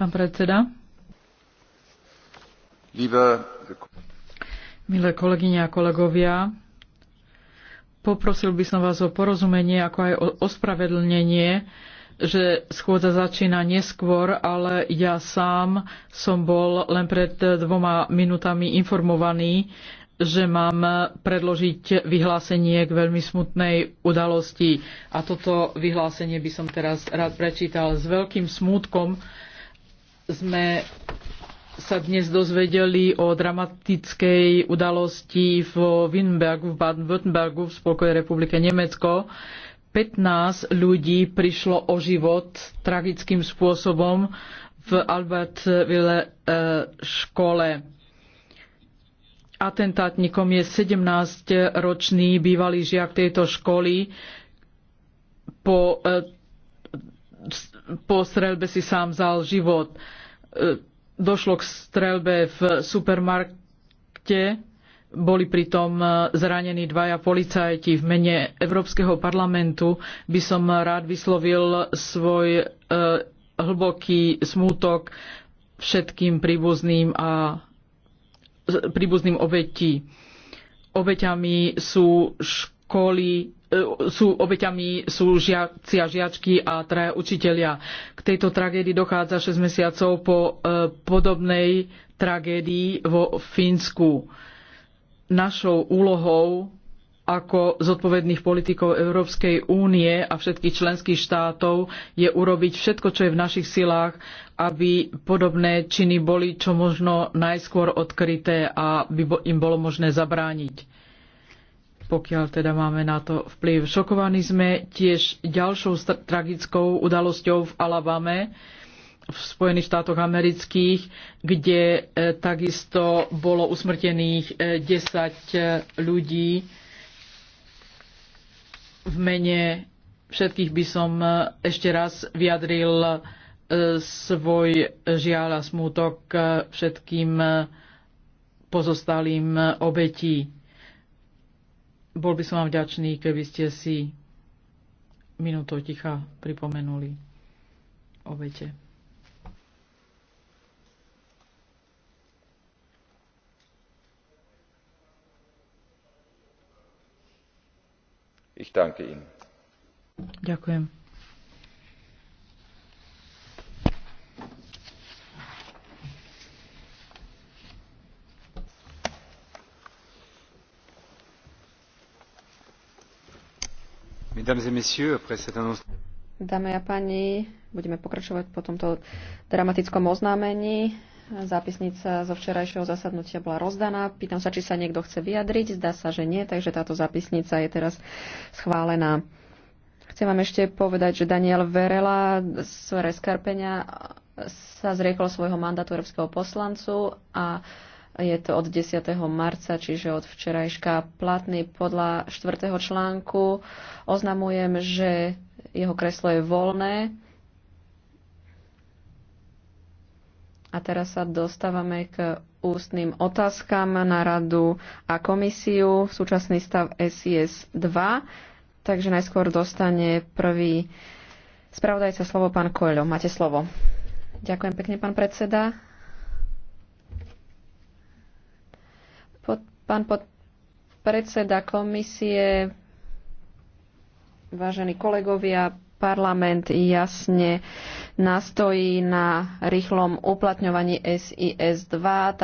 Pán predseda. Milé kolegyne a kolegovia, poprosil by som vás o porozumenie, ako aj o ospravedlnenie, že schôdza začína neskôr, ale ja sám som bol len pred dvoma minutami informovaný, že mám predložiť vyhlásenie k veľmi smutnej udalosti. A toto vyhlásenie by som teraz rád prečítal. S veľkým smútkom sme sa dnes dozvedeli o dramatickej udalosti v Wittenbergu, v Baden-Württembergu v Spolkovej republike Nemecko. 15 ľudí prišlo o život tragickým spôsobom v Albertville eh, škole atentátnikom je 17-ročný bývalý žiak tejto školy. Po, eh, po streľbe si sám vzal život. Eh, došlo k streľbe v supermarkte. Boli pritom eh, zranení dvaja policajti. V mene Európskeho parlamentu by som rád vyslovil svoj hlboký smútok všetkým príbuzným a príbuzným obetí. Obeťami sú školy, e, sú obeťami sú žiaci a žiačky a traja učitelia. K tejto tragédii dochádza 6 mesiacov po e, podobnej tragédii vo Fínsku. Našou úlohou ako zodpovedných politikov Európskej únie a všetkých členských štátov je urobiť všetko, čo je v našich silách, aby podobné činy boli čo možno najskôr odkryté a by im bolo možné zabrániť. Pokiaľ teda máme na to vplyv. Šokovaní sme tiež ďalšou tragickou udalosťou v Alabame, v Spojených štátoch amerických, kde eh, takisto bolo usmrtených 10 eh, eh, ľudí v mene všetkých by som e, ešte raz vyjadril e, svoj žiaľ a smútok e, všetkým pozostalým obetí. Bol by som vám vďačný, keby ste si minútou ticha pripomenuli obete. ich danke ihnen. Ďakujem. Dámy a páni, budeme pokračovať po tomto dramatickom oznámení. Zápisnica zo včerajšieho zasadnutia bola rozdaná. Pýtam sa, či sa niekto chce vyjadriť. Zdá sa, že nie, takže táto zápisnica je teraz schválená. Chcem vám ešte povedať, že Daniel Verela z Reskarpenia sa zriekol svojho mandátu európskeho poslancu a je to od 10. marca, čiže od včerajška platný. Podľa 4. článku oznamujem, že jeho kreslo je voľné A teraz sa dostávame k ústnym otázkam na radu a komisiu. Súčasný stav SIS 2. Takže najskôr dostane prvý spravodajca slovo pán Koľo. Máte slovo. Ďakujem pekne, pán predseda. Pod, pán pod, predseda komisie, vážení kolegovia, parlament jasne nastojí na rýchlom uplatňovaní sis ii.